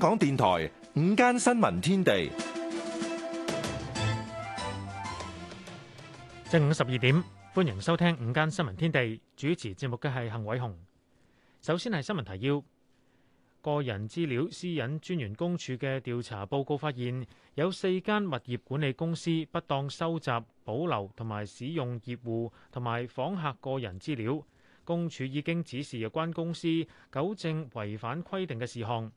香港電台午間新聞天地，正午十二點，歡迎收聽午間新聞天地。主持節目嘅係幸偉雄。首先係新聞提要：個人資料私隱專員公署嘅調查報告發現，有四間物業管理公司不當收集、保留同埋使用業戶同埋訪客個人資料。公署已經指示有關公司糾正違反規定嘅事項。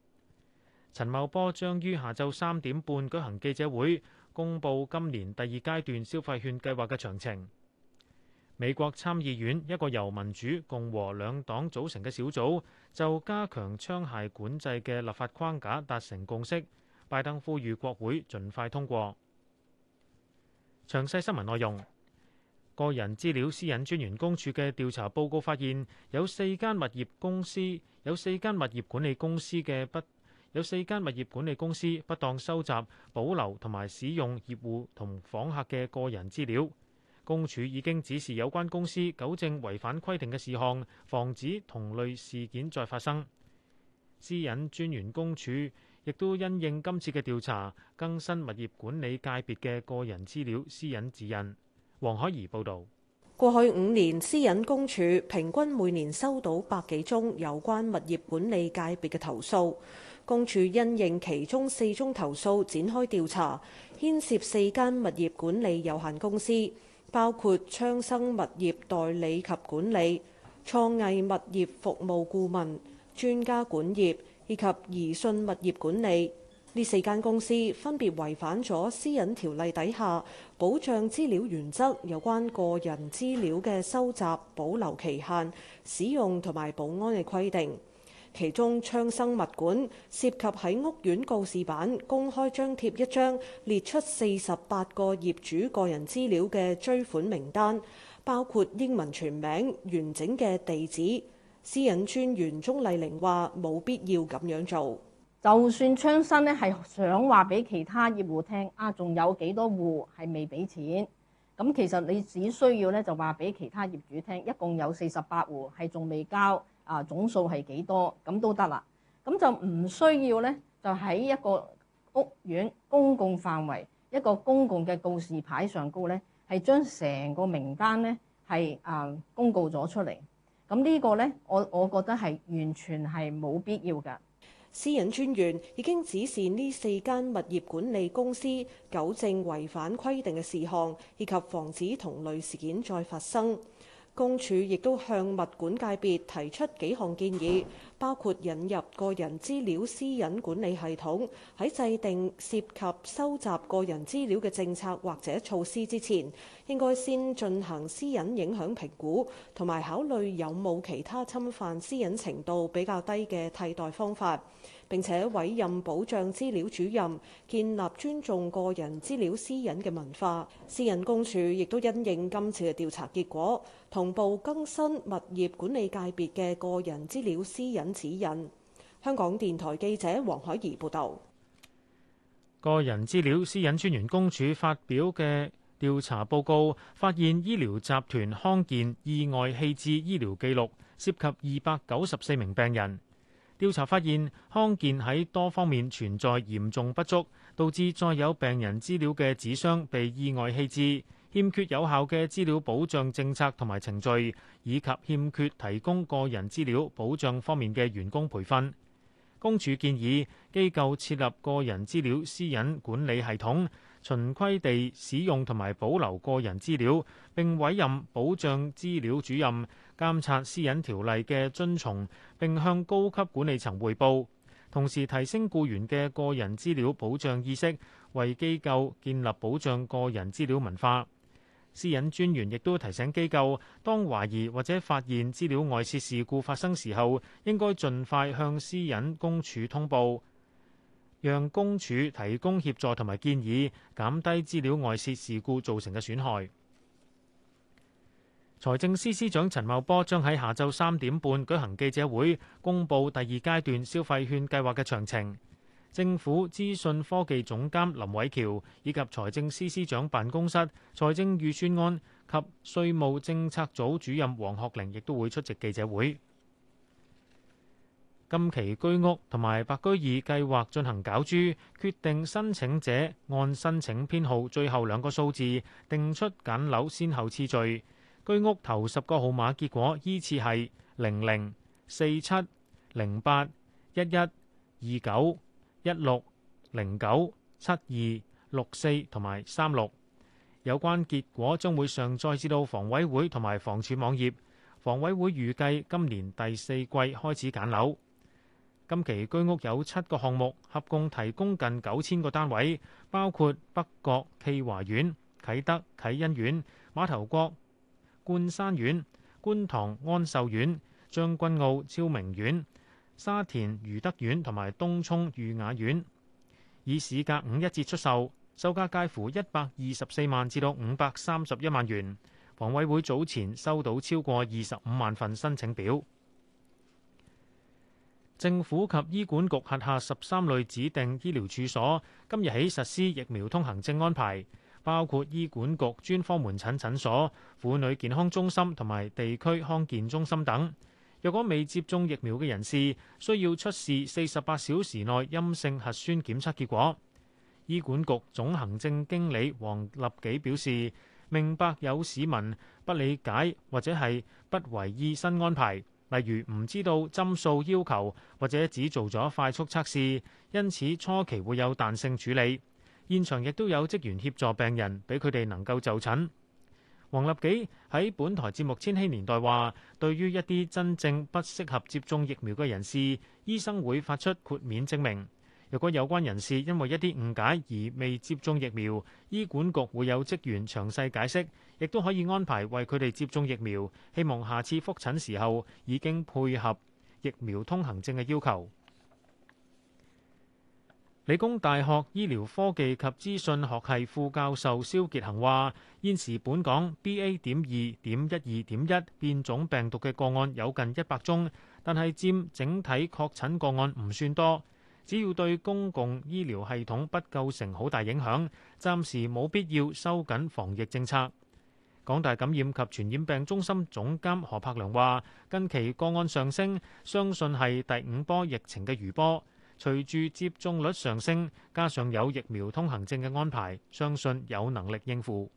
陳茂波將於下晝三點半舉行記者會，公布今年第二階段消費券計劃嘅詳情。美國參議院一個由民主共和兩黨組成嘅小組就加強槍械管制嘅立法框架達成共識，拜登呼籲國會盡快通過。詳細新聞內容，個人資料私隱專員公署嘅調查報告發現，有四間物業公司有四間物業管理公司嘅不。有四間物業管理公司不當收集、保留同埋使用業戶同訪客嘅個人資料。公署已經指示有關公司糾正違反規定嘅事項，防止同類事件再發生。私隱專員公署亦都因應今次嘅調查，更新物業管理界別嘅個人資料私隱指引。黃海怡報導。過去五年，私隱公署平均每年收到百幾宗有關物業管理界別嘅投訴。公署因應其中四宗投訴，展開調查，牽涉四間物業管理有限公司，包括昌生物業代理及管理、創藝物業服務顧問、專家管業以及怡信物業管理。呢四間公司分別違反咗《私隱條例》底下保障資料原則有關個人資料嘅收集、保留期限、使用同埋保安嘅規定。其中昌生物管涉及喺屋苑告示板公開張貼一張列出四十八個業主個人資料嘅追款名單，包括英文全名、完整嘅地址。私隱專員鍾麗玲話冇必要咁樣做。就算昌生呢係想話俾其他業戶聽啊，仲有幾多戶係未俾錢，咁其實，你只需要咧就話俾其他業主聽一共有四十八戶係仲未交。啊，總數係幾多咁都得啦，咁就唔需要咧，就喺一個屋苑公共範圍一個公共嘅告示牌上高咧，係將成個名單咧係啊公告咗出嚟。咁呢個咧，我我覺得係完全係冇必要㗎。私隱專員已經指示呢四間物業管理公司糾正違反規定嘅事項，以及防止同類事件再發生。公署亦都向物管界別提出幾項建議，包括引入個人資料私隱管理系統，喺制定涉及收集個人資料嘅政策或者措施之前，應該先進行私隱影響評估，同埋考慮有冇其他侵犯私隱程度比較低嘅替代方法。並且委任保障資料主任，建立尊重個人資料私隱嘅文化。私隱公署亦都因應今次嘅調查結果，同步更新物業管理界別嘅個人資料私隱指引。香港電台記者黃海怡報道。個人資料私隱專員公署發表嘅調查報告，發現醫療集團康健意外棄置醫療記錄，涉及二百九十四名病人。調查發現康健喺多方面存在嚴重不足，導致載有病人資料嘅紙箱被意外棄置，欠缺有效嘅資料保障政策同埋程序，以及欠缺提供個人資料保障方面嘅員工培訓。公署建議機構設立個人資料私隱管理系統，循規地使用同埋保留個人資料，並委任保障資料主任監察私隱條例嘅遵從，並向高級管理層匯報。同時提升僱員嘅個人資料保障意識，為機構建立保障個人資料文化。私隱專員亦都提醒機構，當懷疑或者發現資料外泄事，事故發生時候，應該盡快向私隱公署通報，讓公署提供協助同埋建議，減低資料外泄事，事故造成嘅損害。財政司司長陳茂波將喺下晝三點半舉行記者會，公佈第二階段消費券計劃嘅詳情。政府資訊科技總監林偉喬以及財政司司長辦公室、財政預算案及稅務政策組主任黃學玲，亦都會出席記者會。近期居屋同埋白居二計劃進行攪珠，決定申請者按申請編號最後兩個數字定出揀樓先後次序。居屋頭十個號碼結果依次係零零四七零八一一二九。一六零九七二六四同埋三六，16, 09, 72, 64，有關結果將會上載至到房委會同埋房署網頁。房委會預計今年第四季開始揀樓。今期居屋有七個項目，合共提供近九千個單位，包括北角驥華苑、啟德啟欣苑、馬頭角、冠山苑、觀塘安秀苑、將軍澳昭明苑。沙田愉德苑同埋東涌裕雅苑以市價五一折出售，售價介乎一百二十四萬至到五百三十一萬元。房委會早前收到超過二十五萬份申請表。 政府及醫管局轄下十三類指定醫療處所今日起實施疫苗通行證安排，包括醫管局專科門診診所、婦女健康中心同埋地區康健中心等。若果未接種疫苗嘅人士，需要出示四十八小時內陰性核酸檢測結果。醫管局總行政經理黃立己表示：明白有市民不理解或者係不為意新安排，例如唔知道針數要求或者只做咗快速測試，因此初期會有彈性處理。現場亦都有職員協助病人，俾佢哋能夠就診。黃立幾喺本台節目《千禧年代》話，對於一啲真正不適合接種疫苗嘅人士，醫生會發出豁免證明。如果有關人士因為一啲誤解而未接種疫苗，醫管局會有職員詳細解釋，亦都可以安排為佢哋接種疫苗。希望下次復診時候已經配合疫苗通行證嘅要求。理工大學醫療科技及資訊學系副教授蕭傑恒話：現時本港 BA. 點二點一二點一變種病毒嘅個案有近一百宗，但係佔整體確診個案唔算多，只要對公共醫療系統不構成好大影響，暫時冇必要收緊防疫政策。港大感染及傳染病中心總監何柏良話：近期個案上升，相信係第五波疫情嘅餘波。隨住接種率上升，加上有疫苗通行證嘅安排，相信有能力應付。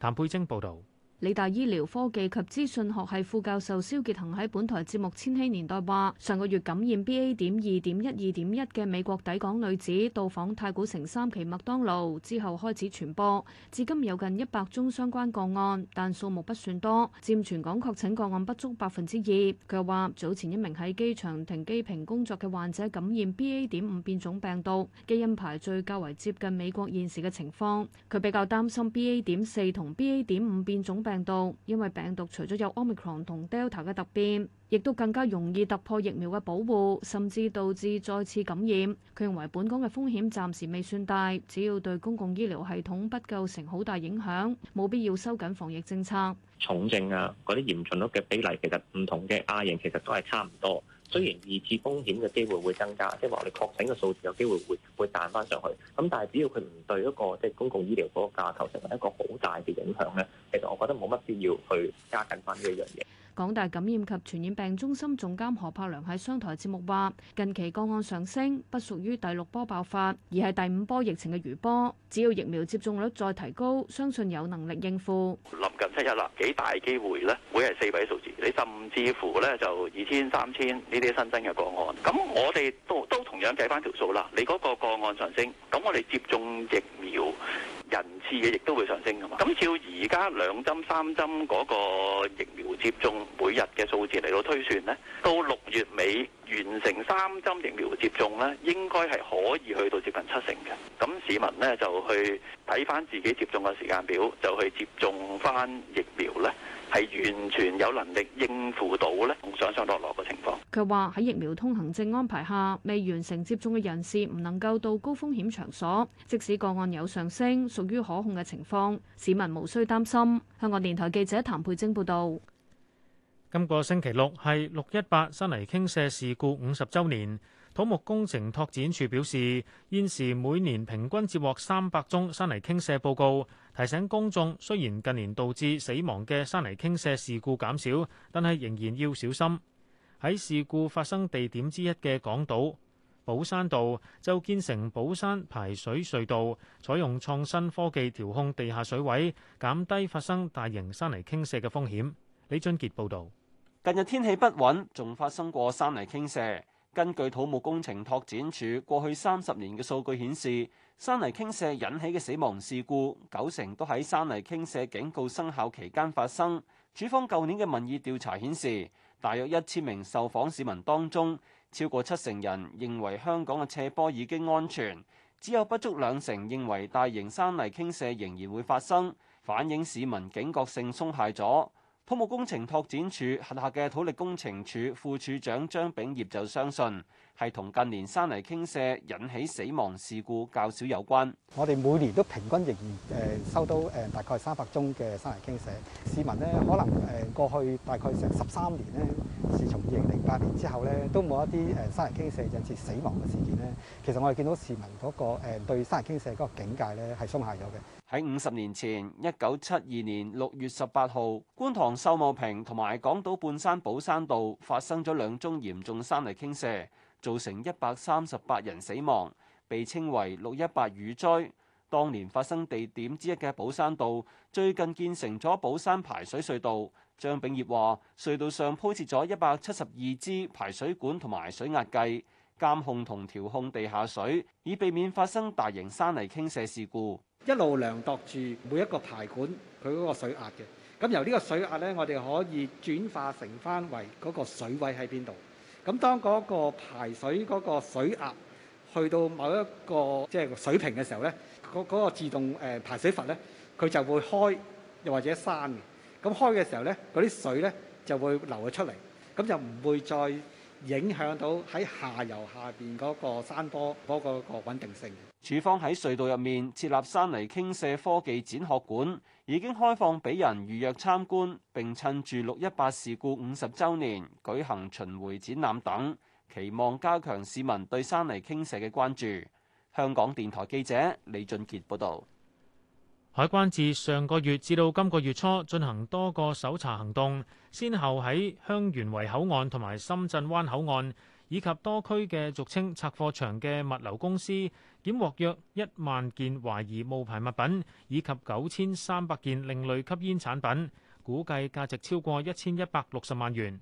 譚佩晶報導。理大醫療科技及資訊學系副教授蕭傑恒喺本台節目《千禧年代》話：上個月感染 B A. 點二點一二點一嘅美國抵港女子到訪太古城三期麥當勞之後開始傳播，至今有近一百宗相關個案，但數目不算多，佔全港確診個案不足百分之二。佢又話：早前一名喺機場停機坪工作嘅患者感染 B A. 點五變種病毒，基因排序較為接近美國現時嘅情況。佢比較擔心 B A. 點四同 B A. 點五變種病毒。病毒，因為病毒除咗有 omicron 同 delta 嘅突變，亦都更加容易突破疫苗嘅保護，甚至導致再次感染。佢認為本港嘅風險暫時未算大，只要對公共醫療系統不構成好大影響，冇必要收緊防疫政策。重症啊，嗰啲嚴重率嘅比例其實唔同嘅亞型其實都係差唔多。雖然二次風險嘅機會會增加，即係話我哋確診嘅數字有機會會會彈翻上去，咁但係只要佢唔對一個即係、就是、公共醫療嗰個架構成為一個好大嘅影響咧，其實我覺得冇乜必要去加緊翻呢一樣嘢。港大感染及傳染病中心總監何柏良喺商台節目話近期個案上升，不屬於第六波爆發，而係第五波疫情嘅餘波。只要疫苗接種率再提高，相信有能力應付。臨近七日啦，幾大機會咧？會係四位數字，你甚至乎咧就二千、三千呢啲新增嘅個案。咁我哋都都同樣計翻條數啦。你嗰個個個案上升，咁我哋接種疫苗人次嘅亦都會上升噶嘛？咁照而家兩針三針嗰個疫苗接種。每日嘅數字嚟到推算呢，到六月尾完成三針疫苗接種呢，應該係可以去到接近七成嘅。咁市民呢，就去睇翻自己接種嘅時間表，就去接種翻疫苗呢，係完全有能力應付到呢，從上上落落嘅情況。佢話喺疫苗通行證安排下，未完成接種嘅人士唔能夠到高風險場所，即使個案有上升，屬於可控嘅情況，市民無需擔心。香港電台記者譚佩晶報道。今個星期六係六一八山泥傾瀉事故五十週年。土木工程拓展署表示，現時每年平均接獲三百宗山泥傾瀉報告，提醒公眾雖然近年導致死亡嘅山泥傾瀉事故減少，但係仍然要小心。喺事故發生地點之一嘅港島寶山道，就建成寶山排水隧道，採用創新科技調控地下水位，減低發生大型山泥傾瀉嘅風險。李俊傑報導。近日天氣不穩，仲發生過山泥傾瀉。根據土木工程拓展署過去三十年嘅數據顯示，山泥傾瀉引起嘅死亡事故，九成都喺山泥傾瀉警告生效期間發生。署方舊年嘅民意調查顯示，大約一千名受訪市民當中，超過七成人認為香港嘅斜坡已經安全，只有不足兩成認為大型山泥傾瀉仍然會發生，反映市民警覺性鬆懈咗。土木工程拓展署轄下嘅土力工程處副處長張炳業就相信，係同近年山泥傾瀉引起死亡事故較少有關。我哋每年都平均仍然誒收到誒大概三百宗嘅山泥傾瀉。市民呢，可能誒過去大概成十三年呢，自從二零零八年之後呢，都冇一啲誒山泥傾瀉引致死亡嘅事件呢。其實我哋見到市民嗰個誒對山泥傾瀉嗰個警戒呢係鬆懈咗嘅。喺五十年前，一九七二年六月十八號，觀塘秀茂坪同埋港島半山寶山道發生咗兩宗嚴重山泥傾瀉。造成一百三十八人死亡，被稱為六一八雨災。當年發生地點之一嘅寶山道，最近建成咗寶山排水隧道。張炳業話：隧道上鋪設咗一百七十二支排水管同埋水壓計，監控同調控地下水，以避免發生大型山泥傾瀉事故。一路量度住每一個排管，佢嗰個水壓嘅，咁由呢個水壓呢，我哋可以轉化成翻為嗰個水位喺邊度。咁當嗰個排水嗰個水壓去到某一個即係水平嘅時候呢，嗰、嗰個自動誒排水閥呢，佢就會開又或者閂嘅。咁開嘅時候呢，嗰啲水呢就會流咗出嚟，咁就唔會再影響到喺下游下邊嗰個山坡嗰個個穩定性。處方喺隧道入面設立山泥傾瀉科技展學館，已經開放俾人預約參觀，並趁住六一八事故五十週年舉行巡迴展覽等，期望加強市民對山泥傾瀉嘅關注。香港電台記者李俊傑報道：「海關自上個月至到今個月初進行多個搜查行動，先後喺香園圍口岸同埋深圳灣口岸。以及多區嘅俗稱拆貨場嘅物流公司，檢獲約一萬件懷疑冒牌物品，以及九千三百件另類吸煙產品，估計價值超過一千一百六十萬元。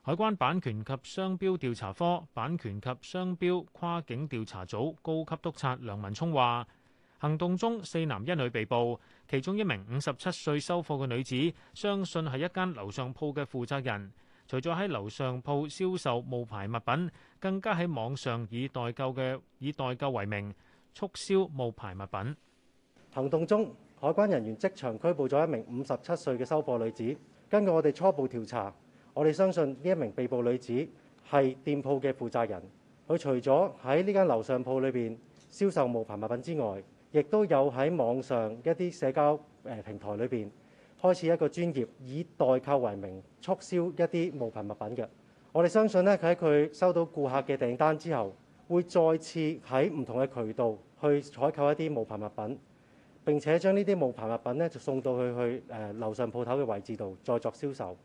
海關版權及商標調查科版權及商標跨境調查組高級督察梁文聰話，行動中四男一女被捕，其中一名五十七歲收貨嘅女子，相信係一間樓上鋪嘅負責人。除咗喺樓上鋪銷售冒牌物品，更加喺網上以代購嘅以代購為名促銷冒牌物品。行動中，海關人員即場拘捕咗一名五十七歲嘅收貨女子。根據我哋初步調查，我哋相信呢一名被捕女子係店鋪嘅負責人。佢除咗喺呢間樓上鋪裏邊銷售冒牌物品之外，亦都有喺網上一啲社交誒平台裏邊。開始一個專業，以代購為名促銷一啲無牌物品嘅。我哋相信咧，佢喺佢收到顧客嘅訂單之後，會再次喺唔同嘅渠道去採購一啲無牌物品，並且將呢啲無牌物品咧就送到佢去誒、呃、樓上鋪頭嘅位置度再作銷售。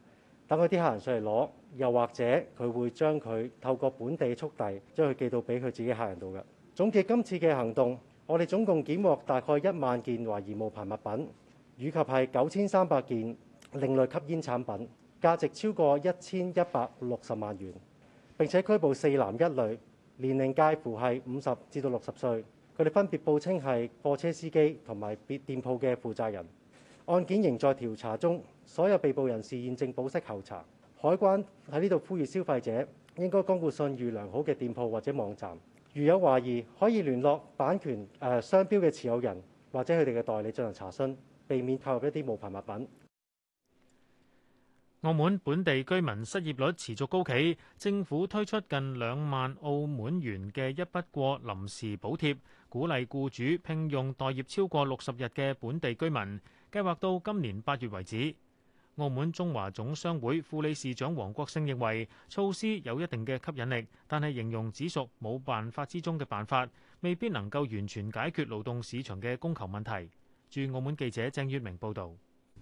等佢啲客人上嚟攞，又或者佢會將佢透過本地速遞將佢寄到俾佢自己客人度嘅。總結今次嘅行動，我哋總共檢獲大概一萬件懷疑無牌物品。以及係九千三百件另類吸煙產品，價值超過一千一百六十萬元。並且拘捕四男一女，年齡介乎係五十至到六十歲。佢哋分別報稱係貨車司機同埋別店鋪嘅負責人。案件仍在調查中，所有被捕人士現正保釋候查。海關喺呢度呼籲消費者應該光顧信譽良好嘅店鋪或者網站，如有懷疑可以聯絡版權誒、呃、商標嘅持有人或者佢哋嘅代理進行查詢。避免購入一啲冒牌物品。澳門本地居民失業率持續高企，政府推出近兩萬澳門元嘅一筆過臨時補貼，鼓勵僱主聘用待業超過六十日嘅本地居民，計劃到今年八月為止。澳門中華總商會副理事長王國勝認為，措施有一定嘅吸引力，但係形容只屬冇辦法之中嘅辦法，未必能夠完全解決勞動市場嘅供求問題。駐澳門記者鄭月明報導，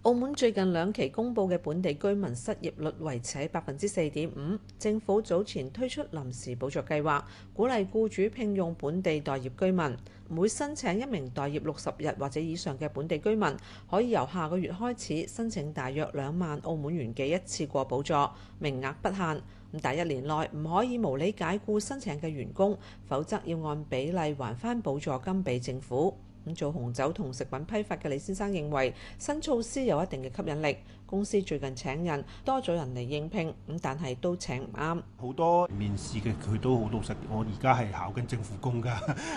澳門最近兩期公佈嘅本地居民失業率維持喺百分之四點五。政府早前推出臨時補助計劃，鼓勵僱主聘用本地待業居民。每申請一名待業六十日或者以上嘅本地居民，可以由下個月開始申請大約兩萬澳門元嘅一次過補助，名額不限。咁但一年內唔可以無理解雇申請嘅員工，否則要按比例還返補助金俾政府。咁做紅酒同食品批發嘅李先生認為，新措施有一定嘅吸引力。公司最近請人多咗人嚟應聘，咁但係都請唔啱。好多面試嘅佢都好老實，我而家係考緊政府工㗎，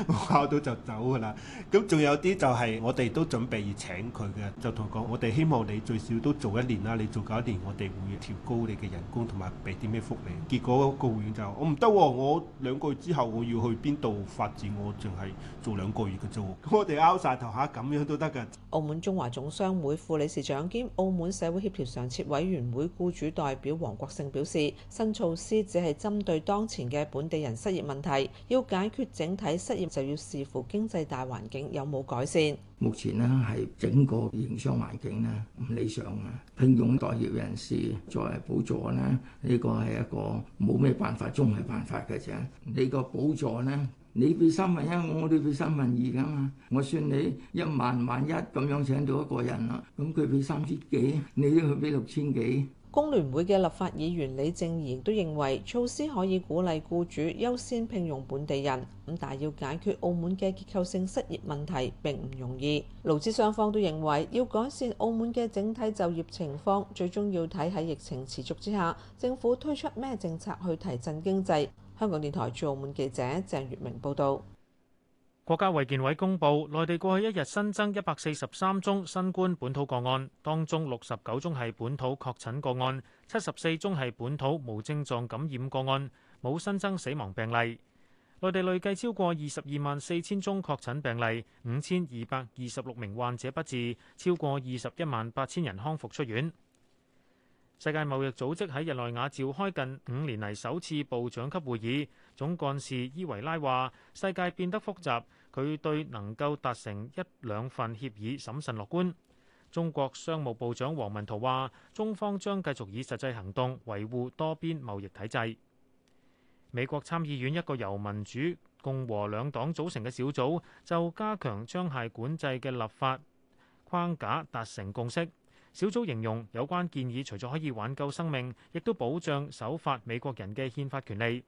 考到就走㗎啦。咁仲有啲就係我哋都準備要請佢嘅，就同佢講：我哋希望你最少都做一年啦，你做夠一年，我哋會調高你嘅人工同埋俾啲咩福利。結果個僱員就：我唔得，我兩個月之後我要去邊度發展，我淨係做兩個月嘅啫。咁我哋拗晒頭下咁樣都得㗎。澳門中華總商會副理事長兼澳門社會協調常設委員會僱主代表黃國勝表示，新措施只係針對當前嘅本地人失業問題，要解決整體失業就要視乎經濟大環境有冇改善。目前呢係整個營商環境呢唔理想啊，聘用待業人士作為補助呢，呢個係一個冇咩辦法，中係辦法嘅啫。你個補助呢？你俾三分一，我都要俾三分二嘅嘛。我算你一萬萬一咁樣請到一個人啦，咁佢俾三千幾，你都去俾六千幾。工聯會嘅立法議員李正賢都認為，措施可以鼓勵雇主優先聘用本地人，咁但係要解決澳門嘅結構性失業問題並唔容易。勞資雙方都認為，要改善澳門嘅整體就業情況，最終要睇喺疫情持續之下，政府推出咩政策去提振經濟。香港電台駐澳門記者鄭月明報道：國家衛健委公布，內地過去一日新增一百四十三宗新冠本土個案，當中六十九宗係本土確診個案，七十四宗係本土無症狀感染個案，冇新增死亡病例。內地累計超過二十二萬四千宗確診病例，五千二百二十六名患者不治，超過二十一萬八千人康復出院。世界貿易組織喺日內瓦召開近五年嚟首次部長級會議，總幹事伊維拉話：世界變得複雜，佢對能夠達成一兩份協議審慎樂觀。中國商務部長王文濤話：中方將繼續以實際行動維護多邊貿易體制。美國參議院一個由民主共和兩黨組成嘅小組就加強槍械管制嘅立法框架達成共識。小組形容有關建議除咗可以挽救生命，亦都保障守法美國人嘅憲法權利。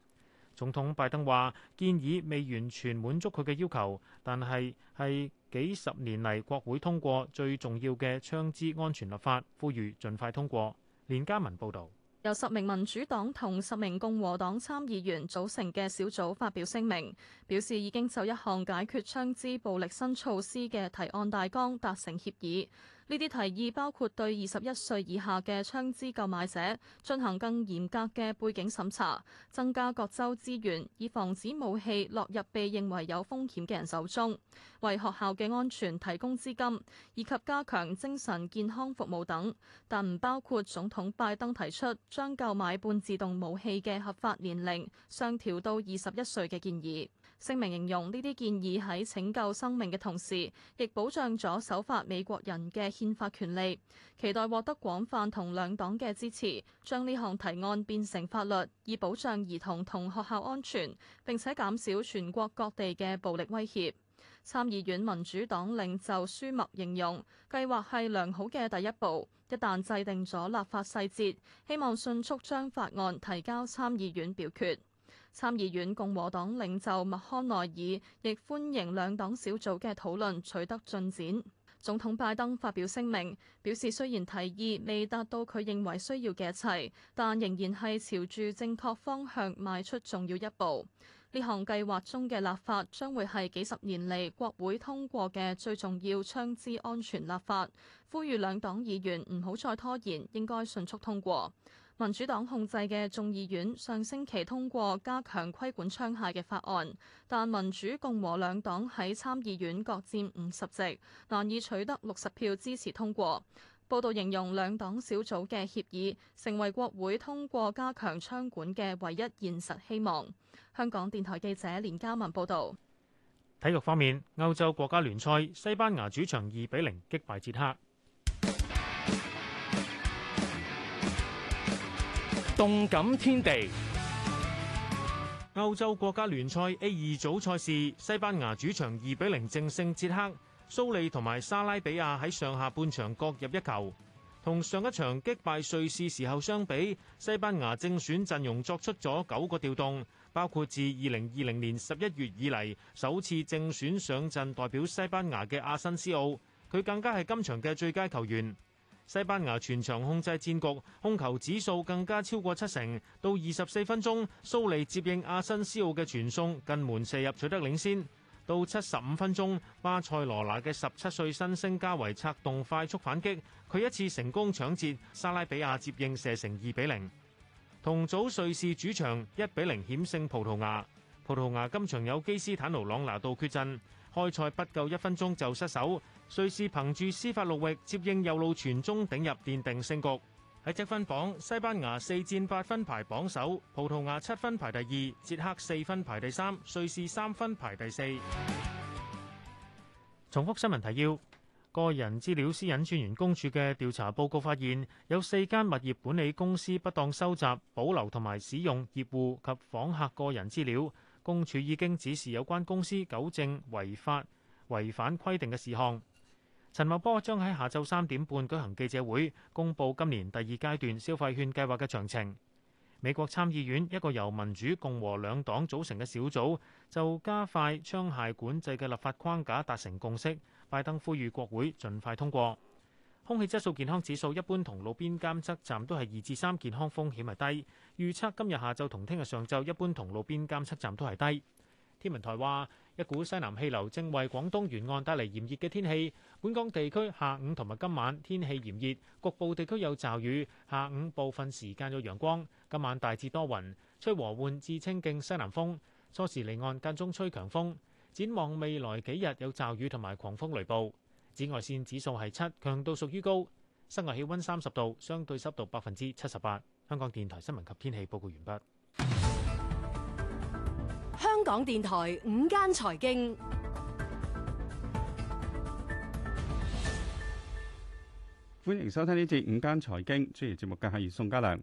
總統拜登話建議未完全滿足佢嘅要求，但係係幾十年嚟國會通過最重要嘅槍支安全立法，呼籲盡快通過。連家文報導，由十名民主黨同十名共和黨參議員組成嘅小組發表聲明，表示已經就一項解決槍支暴力新措施嘅提案大綱達成協議。呢啲提議包括對二十一歲以下嘅槍支購買者進行更嚴格嘅背景審查，增加各州資源，以防止武器落入被認為有風險嘅人手中，為學校嘅安全提供資金，以及加強精神健康服務等，但唔包括總統拜登提出將購買半自動武器嘅合法年齡上調到二十一歲嘅建議。聲明形容呢啲建議喺拯救生命嘅同時，亦保障咗守法美國人嘅憲法權利。期待獲得廣泛同兩黨嘅支持，將呢項提案變成法律，以保障兒童同學校安全，並且減少全國各地嘅暴力威脅。參議院民主黨領袖舒默形容計劃係良好嘅第一步，一旦制定咗立法細節，希望迅速將法案提交參議院表決。參議院共和黨領袖麥康奈爾亦歡迎兩黨小組嘅討論取得進展。總統拜登發表聲明，表示雖然提議未達到佢認為需要嘅一切，但仍然係朝住正確方向邁出重要一步。呢項計劃中嘅立法將會係幾十年嚟國會通過嘅最重要槍支安全立法，呼籲兩黨議員唔好再拖延，應該迅速通過。民主黨控制嘅眾議院上星期通過加強規管槍械嘅法案，但民主共和兩黨喺參議院各佔五十席，難以取得六十票支持通過。報道形容兩黨小組嘅協議成為國會通過加強槍管嘅唯一現實希望。香港電台記者連嘉文報道。體育方面，歐洲國家聯賽西班牙主場二比零擊敗捷克。動感天地，歐洲國家聯賽 A 二組賽事，西班牙主場二比零淨勝捷克，蘇利同埋莎拉比亞喺上下半場各入一球。同上一場擊敗瑞士時候相比，西班牙正選陣容作出咗九個調動，包括自二零二零年十一月以嚟首次正選上陣代表西班牙嘅阿申斯奧，佢更加係今場嘅最佳球員。西班牙全場控制戰局，控球指數更加超過七成。到二十四分鐘，蘇利接應阿新斯奧嘅傳送，近門射入取得領先。到七十五分鐘，巴塞羅那嘅十七歲新星加維策動快速反擊，佢一次成功搶截，沙拉比亞接應射成二比零。同組瑞士主場一比零險勝葡萄牙，葡萄牙今場有基斯坦奴朗拿度缺陣。開賽不夠一分鐘就失守，瑞士憑住司法六域接應右路傳中頂入奠定勝局。喺積分榜，西班牙四戰八分排榜首，葡萄牙七分排第二，捷克四分排第三，瑞士三分排第四。重複新聞提要：個人資料私隱專員公署嘅調查報告發現，有四間物業管理公司不當收集、保留同埋使用業戶及訪客個人資料。公署已經指示有關公司糾正違法、違反規定嘅事項。陳茂波將喺下晝三點半舉行記者會，公佈今年第二階段消費券計劃嘅詳情。美國參議院一個由民主共和兩黨組成嘅小組就加快槍械管制嘅立法框架達成共識，拜登呼籲國會盡快通過。空氣質素健康指數一般同路邊監測站都係二至三，健康風險係低。預測今日下晝同聽日上晝一般，同路邊監測站都係低。天文台話，一股西南氣流正為廣東沿岸帶嚟炎熱嘅天氣。本港地區下午同埋今晚天氣炎熱，局部地區有驟雨。下午部分時間有陽光，今晚大致多雲，吹和緩至清勁西南風。初時離岸間中吹強風。展望未來幾日有驟雨同埋狂風雷暴。紫外線指數係七，強度屬於高。室外氣溫三十度，相對濕度百分之七十八。香港電台新聞及天氣報告完畢。香港電台午間財經，歡迎收聽呢節午間財經，主持節目嘅係宋家良。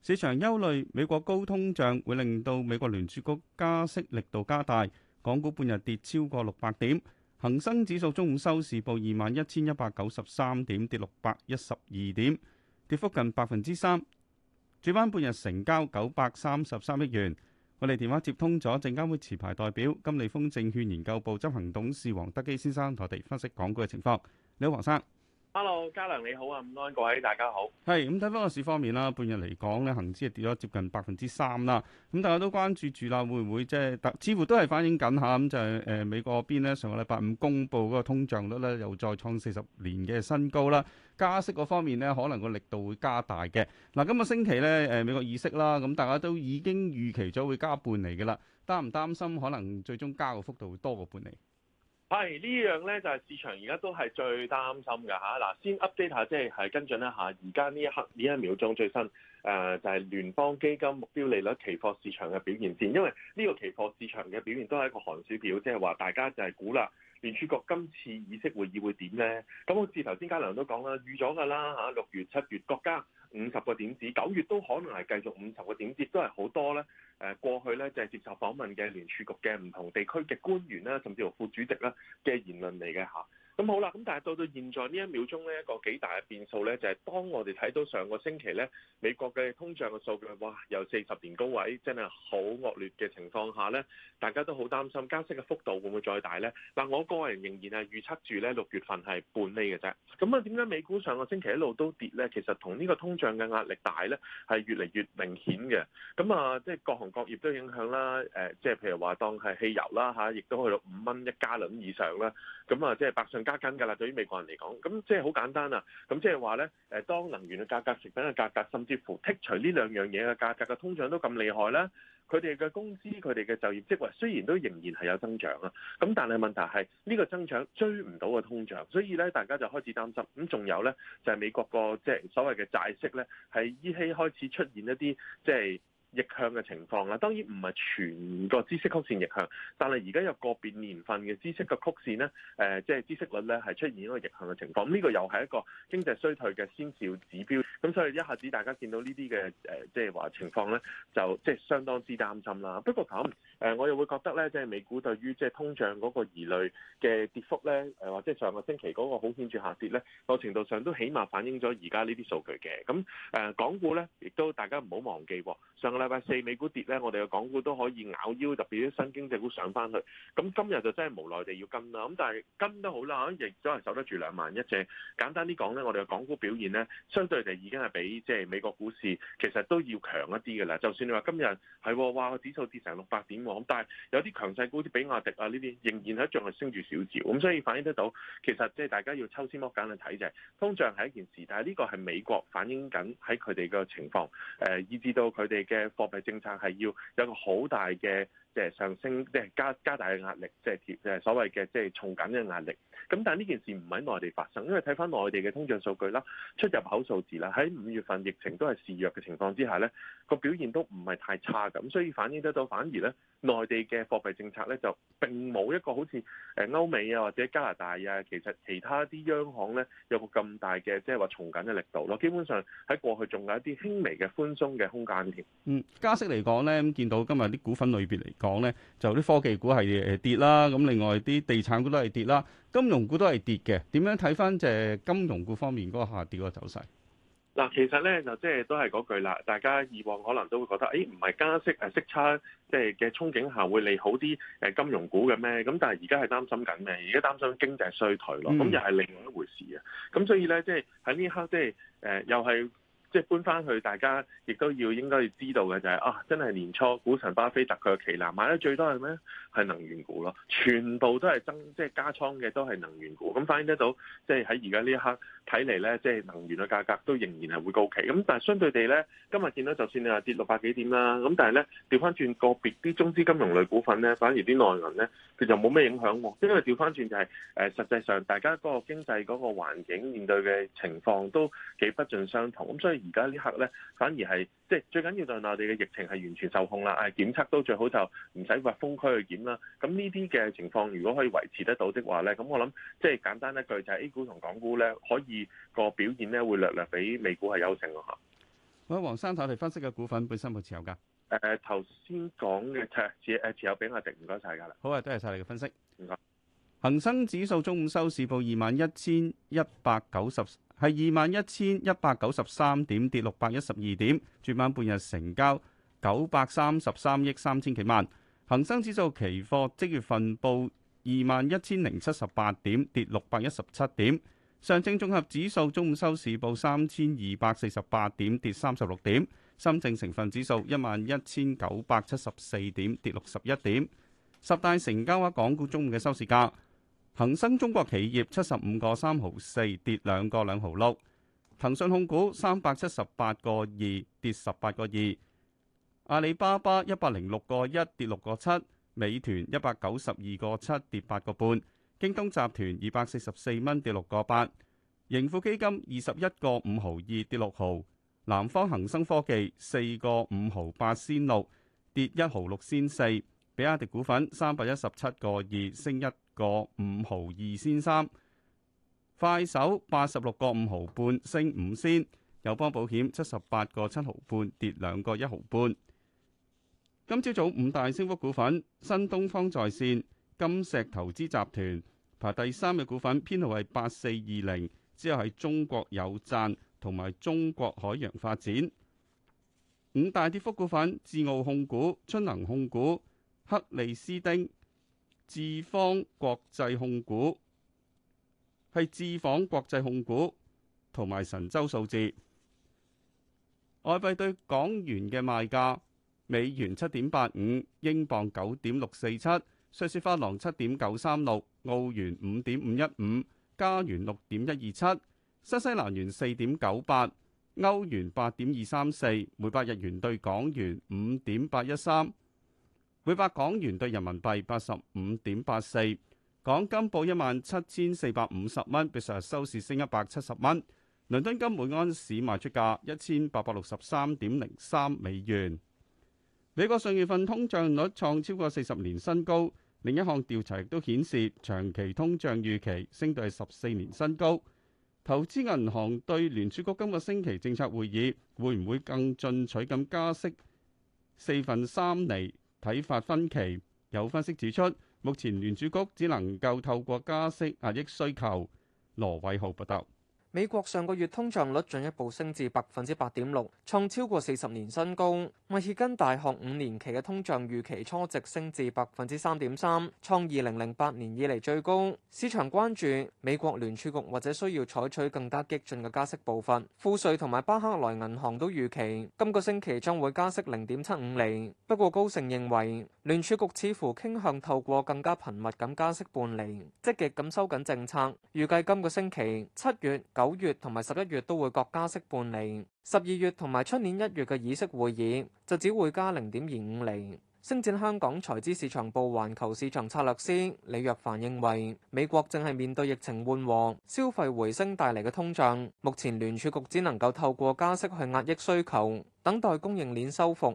市場憂慮美國高通脹會令到美國聯儲局加息力度加大，港股半日跌超過六百點，恆生指數中午收市報二萬一千一百九十三點，跌六百一十二點，跌幅近百分之三。主板半日成交九百三十三億元，我哋電話接通咗證監會持牌代表金利豐證券研究部執行董事黃德基先生，同我哋分析港股嘅情況。你好，黃生。hello，嘉良你好啊，午安，各位大家好。係咁睇翻個市方面啦，半日嚟講咧，恒指係跌咗接近百分之三啦。咁大家都關注住啦，會唔會即係，似乎都係反映緊吓咁就係、是、誒、呃、美國邊咧，上個禮拜五公布嗰個通脹率咧，又再創四十年嘅新高啦。加息嗰方面咧，可能個力度會加大嘅。嗱、呃，今個星期咧，誒、呃、美國議息啦，咁大家都已經預期咗會加半厘嘅啦。擔唔擔心可能最終加嘅幅度會多過半厘？係呢樣呢就係、是、市場而家都係最擔心㗎嚇。嗱，先 update 下，即係係跟進一下。而家呢一刻呢一秒鐘最新，誒、呃、就係、是、聯邦基金目標利率期貨市場嘅表現先。因為呢個期貨市場嘅表現都係一個寒暑表，即係話大家就係估啦，聯儲局今次議息會議會點呢？咁好似頭先嘉良都講啦，預咗㗎啦嚇，六月、七月，國家。五十個點子，九月都可能係繼續五十個點子，都係好多咧。誒，過去咧就係接受訪問嘅聯儲局嘅唔同地區嘅官員啦，甚至乎副主席啦嘅言論嚟嘅嚇。咁好啦，咁但係到到現在呢一秒鐘呢一個幾大嘅變數呢，就係、是、當我哋睇到上個星期呢美國嘅通脹嘅數據，哇，有四十年高位，真係好惡劣嘅情況下呢，大家都好擔心加息嘅幅度會唔會再大呢。嗱，我個人仍然係預測住呢六月份係半厘嘅啫。咁啊，點解美股上個星期一路都跌呢？其實同呢個通脹嘅壓力大呢，係越嚟越明顯嘅。咁啊，即係各行各業都影響啦。誒、呃，即係譬如話當係汽油啦嚇，亦、啊、都去到五蚊一加侖以上啦。咁啊，即係百加緊㗎啦，對於美國人嚟講，咁即係好簡單啦。咁即係話呢，誒，當能源嘅價格、食品嘅價格，甚至乎剔除呢兩樣嘢嘅價格嘅通脹都咁厲害啦。佢哋嘅工資、佢哋嘅就業職位，雖然都仍然係有增長啊。咁但係問題係呢個增長追唔到個通脹，所以呢大家就開始擔心。咁仲有呢，就係美國個即係所謂嘅債息呢，係依稀開始出現一啲即係，就是逆向嘅情況啦，當然唔係全個知識曲線逆向，但係而家有個別年份嘅知識嘅曲線呢，誒、呃，即係知識率呢係出現一個逆向嘅情況。呢個又係一個經濟衰退嘅先兆指標。咁所以一下子大家見到呢啲嘅誒，即係話情況呢，就即係相當之擔心啦。不過咁誒、呃，我又會覺得呢，即係美股對於即係通脹嗰個疑慮嘅跌幅呢，誒，或者上個星期嗰個好顯著下跌呢，個程度上都起碼反映咗而家呢啲數據嘅。咁誒、呃，港股呢，亦都大家唔好忘記喎，上個。禮拜四美股跌咧，我哋嘅港股都可以咬腰，特別啲新經濟股上返去。咁今日就真係無奈地要跟啦。咁但係跟都好啦，亦都係守得住兩萬一隻。簡單啲講咧，我哋嘅港股表現咧，相對地已經係比即係美國股市其實都要強一啲嘅啦。就算你話今日係喎，哇個指數跌成六百點喎，咁但係有啲強勢股，啲比亞迪啊呢啲，仍然喺仲係升住少少。咁所以反映得到，其實即係大家要抽絲剝繭去睇就係、是、通脹係一件事，但係呢個係美國反映緊喺佢哋嘅情況，誒、呃、以至到佢哋嘅。貨幣政策係要有個好大嘅。即係上升，即係加加大嘅壓力，即係誒所謂嘅即係重緊嘅壓力。咁但係呢件事唔喺內地發生，因為睇翻內地嘅通脹數據啦、出入口數字啦，喺五月份疫情都係示弱嘅情況之下咧，個表現都唔係太差咁，所以反映得到反而咧內地嘅貨幣政策咧就並冇一個好似誒歐美啊或者加拿大啊，其實其他啲央行咧有個咁大嘅即係話重緊嘅力度咯。基本上喺過去仲有一啲輕微嘅寬鬆嘅空間添。嗯，加息嚟講咧，咁見到今日啲股份類別嚟。講咧就啲科技股係誒跌啦，咁另外啲地產股都係跌啦，金融股都係跌嘅。點樣睇翻誒金融股方面嗰個下跌個走勢？嗱，其實咧就即係都係嗰句啦。大家以往可能都會覺得，誒唔係加息誒息差即係嘅憧憬下會利好啲誒金融股嘅咩？咁但係而家係擔心緊咩？而家擔心經濟衰退咯。咁、嗯、又係另外一回事啊。咁所以咧，即係喺呢一刻，即係誒又係。即係搬翻去，大家亦都要應該要知道嘅就係、是、啊，真係年初股神巴菲特佢嘅旗艦買得最多係咩？係能源股咯，全部都係增即係加倉嘅都係能源股。咁反映得到，即係喺而家呢一刻睇嚟咧，即係、就是、能源嘅價格都仍然係會高企。咁但係相對地咧，今日見到就算你話跌六百幾點啦，咁但係咧調翻轉個別啲中資金融類股份咧，反而啲內銀咧，其實冇咩影響喎。因為調翻轉就係、是、誒，實際上大家嗰個經濟嗰個環境面對嘅情況都幾不盡相同。咁所以。而家呢刻咧，反而係即係最緊要就係我哋嘅疫情係完全受控啦。唉，檢測都最好就唔使話封區去檢啦。咁呢啲嘅情況，如果可以維持得到的話咧，咁我諗即係簡單一句就係 A 股同港股咧，可以個表現咧會略略比美股係優勝咯嚇。阿黃生，睇我哋分析嘅股份本身冇持有噶。誒頭先講嘅就持有比亞迪，唔該晒㗎啦。好啊，多謝晒你嘅分析。唔該。恒生指數中午收市報二萬一千一百九十。係二萬一千一百九十三點，跌六百一十二點。主板半日成交九百三十三億三千幾萬。恒生指數期貨即月份報二萬一千零七十八點，跌六百一十七點。上證綜合指數中午收市報三千二百四十八點，跌三十六點。深證成分指數一萬一千九百七十四點，跌六十一點。十大成交啊，港股中午嘅收市價。恒生中國企業七十五個三毫四跌兩個兩毫六，騰訊控股三百七十八個二跌十八個二，阿里巴巴一百零六個一跌六個七，美團一百九十二個七跌八個半，京東集團二百四十四蚊跌六個八，盈富基金二十一個五毫二跌六毫，南方恒生科技四個五毫八先六跌一毫六先四，比亞迪股份三百一十七個二升一。個五毫二先三，快手八十六個五毫半，升五仙；友邦保險七十八個七毫半，跌兩個一毫半。今朝早，早五大升幅股份：新東方在線、金石投資集團排第三嘅股份，編號係八四二零。之後係中國有贊同埋中國海洋發展。五大跌幅股份：智奧控股、春能控股、克利斯丁。智方國際控股係智方國際控股同埋神州數字，外幣對港元嘅賣價：美元七點八五，英鎊九點六四七，瑞士法郎七點九三六，澳元五點五一五，加元六點一二七，新西蘭元四點九八，歐元八點二三四，每百日元對港元五點八一三。每百港元兌人民幣八十五點八四，港金報一萬七千四百五十蚊，比上日收市升一百七十蚊。倫敦金每安士賣出價一千八百六十三點零三美元。美國上月份通脹率創超過四十年新高，另一項調查亦都顯示長期通脹預期升到十四年新高。投資銀行對聯儲局今個星期政策會議會唔會更進取咁加息四分三厘？睇法分歧，有分析指出，目前聯儲局只能夠透過加息壓抑需求。羅偉豪報道。美國上個月通脹率進一步升至百分之八點六，創超過四十年新高。密歇根大學五年期嘅通脹預期初值升至百分之三點三，創二零零八年以嚟最高。市場關注美國聯儲局或者需要採取更加激進嘅加息步伐。富瑞同埋巴克萊銀行都預期今個星期將會加息零點七五厘。不過高盛認為聯儲局似乎傾向透過更加頻密咁加息半厘，積極咁收緊政策。預計今個星期七月，九月同埋十一月都會各加息半厘，十二月同埋出年一月嘅議息會議就只會加零點二五厘。星展香港財資市場部環球市場策略師李若凡認為，美國正係面對疫情緩和、消費回升帶嚟嘅通脹，目前聯儲局只能夠透過加息去壓抑需求，等待供應鏈修復。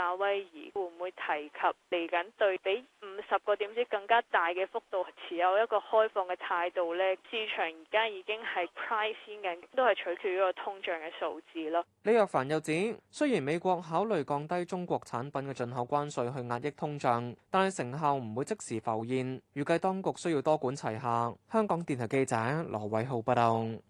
夏威夷會唔會提及嚟緊對比五十個點子更加大嘅幅度，持有一個開放嘅態度咧？市場而家已經係 price 先緊都係取決於個通脹嘅數字咯。李若凡又指，雖然美國考慮降低中國產品嘅進口關稅去壓抑通脹，但係成效唔會即時浮現，預計當局需要多管齊下。香港電台記者羅偉浩報道。